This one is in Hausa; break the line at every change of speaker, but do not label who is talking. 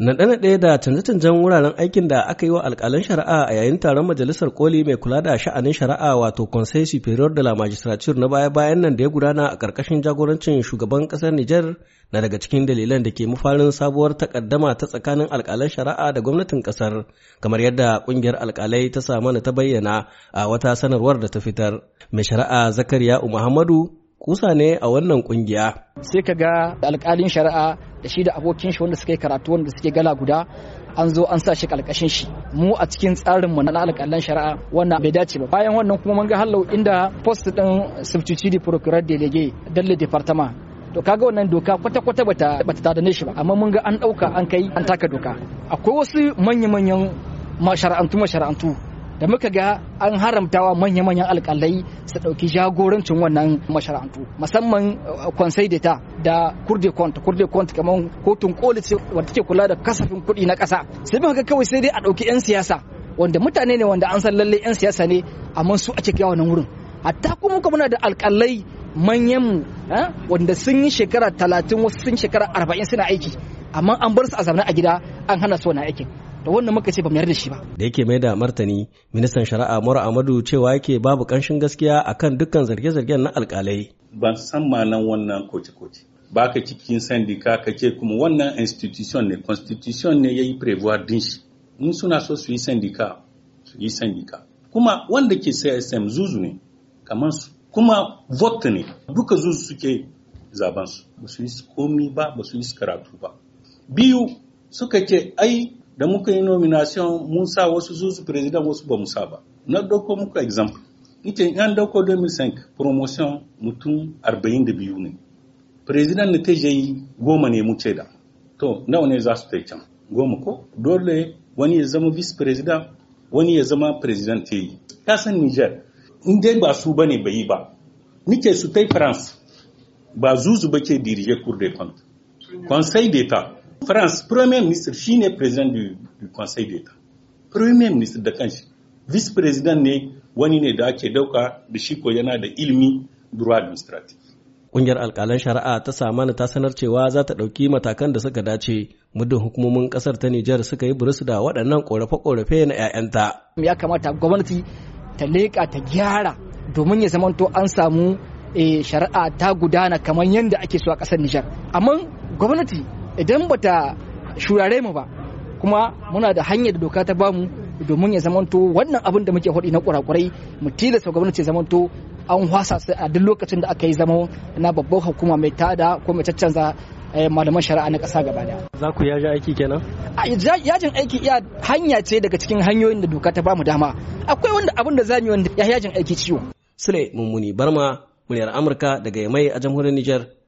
Naɗe-naɗe da canje-canjen wuraren aikin da aka yi wa alƙalan shari'a a yayin taron majalisar koli mai kula da sha'anin shari'a wato Conseil Superior de la Magistrature na baya-bayan nan da ya gudana a ƙarƙashin jagorancin shugaban ƙasar Nijar na daga cikin dalilan da ke mafarin sabuwar takaddama ta tsakanin alƙalan shari'a da gwamnatin ƙasar kamar yadda ƙungiyar alƙalai ta sa mana ta bayyana a wata sanarwar da ta fitar. Mai shari'a Zakariya Muhammadu kusa ne a wannan kungiya.
Sai ka ga alkalin shari'a da shi da abokin shi wanda suka yi karatu wanda suke gala guda an zo an sa shi kalkashin shi mu a cikin tsarin mu na alƙalin shari'a wannan bai dace ba bayan wannan kuma mun ga hallau inda post din substitute procureur délégué dalle département to kaga wannan doka kwata kwata bata bata tada shi ba amma mun ga an dauka an kai an taka doka akwai wasu manya manyan masharantu masharantu da muka ga an haramtawa manya-manyan alkalai su ɗauki jagorancin wannan masharantu musamman uh, kwansai da ta da kurde kwanta kurde kwanta kamar kotun koli wata take kula da kasafin kuɗi na ƙasa sai muka ga kawai sai dai a ɗauki 'yan siyasa wanda mutane ne wanda an san lalle 'yan siyasa ne amma su a cikin wannan wurin hatta kuma muna da alkalai manyan mu eh, wanda sun yi shekara talatin wasu sun shekara arba'in suna aiki amma an bar su a zaune a gida an hana su wannan aikin da wannan muka ce ba mu yarda shi ba
da yake mai da martani ministan shari'a mura amadu cewa yake babu kanshin gaskiya akan dukkan zarge-zargen na alkalai
ban san malan wannan koci-koci. koce ka cikin sandika ka ce kuma wannan institution ne constitution ne yayi prevoir din shi in suna so su yi sandika su yi sandika kuma wanda ke CSM zuzu ne kamar su kuma vote ne duka zuzu suke zaben su ba su yi komi ba ba su yi karatu ba biyu suka ce ai da muka yi nomination mun sa wasu zuzu president wasu ba mu sa ba na dauko muku example ita yan dauko 2005 promotion mutum 42 ne president na ta yi goma ne mu ce da to nawa ne za su ta can goma ko dole wani ya zama vice president wani ya zama president ta yi ta san niger in dai ba su ba ba yi ba nike su ta france ba zuzu ba ke dirije cour des comptes conseil d'etat France, Premier ministre shi ne president du, du Conseil d'État. Premier ministre de Kanchi. Vice president ne wani ne da ake dauka da shi ko yana da ilimi droit administratif.
kungiyar alkalan shari'a ta samana ta sanar cewa za ta ɗauki matakan da suka dace muddin hukumomin ƙasar ta Nijar suka yi burus da waɗannan ƙorafe-ƙorafe na 'ya'yanta. Ya kamata gwamnati
ta leƙa ta gyara domin ya zamanto an samu eh, shari'a ta gudana kamar yadda ake so a ƙasar Nijar. Amma gwamnati idan bata shurare mu ba kuma muna da hanyar da doka ta bamu domin ya zamanto wannan abin da muke faɗi na kurakurai mu tilasta gwamnati ya zamanto an wasa a duk lokacin da aka yi zama na babban hukuma mai tada ko mai caccanza eh, malaman shari'a na ƙasa gaba daya. Za ku yaji aiki kenan? Yajin aiki iya hanya ce daga cikin hanyoyin da doka ta bamu dama. Akwai wanda abin da zamu yi wanda ya yajin aiki ciwo.
Sule Mummuni Barma, muryar Amurka daga Yamai a jamhuriyar Nijar.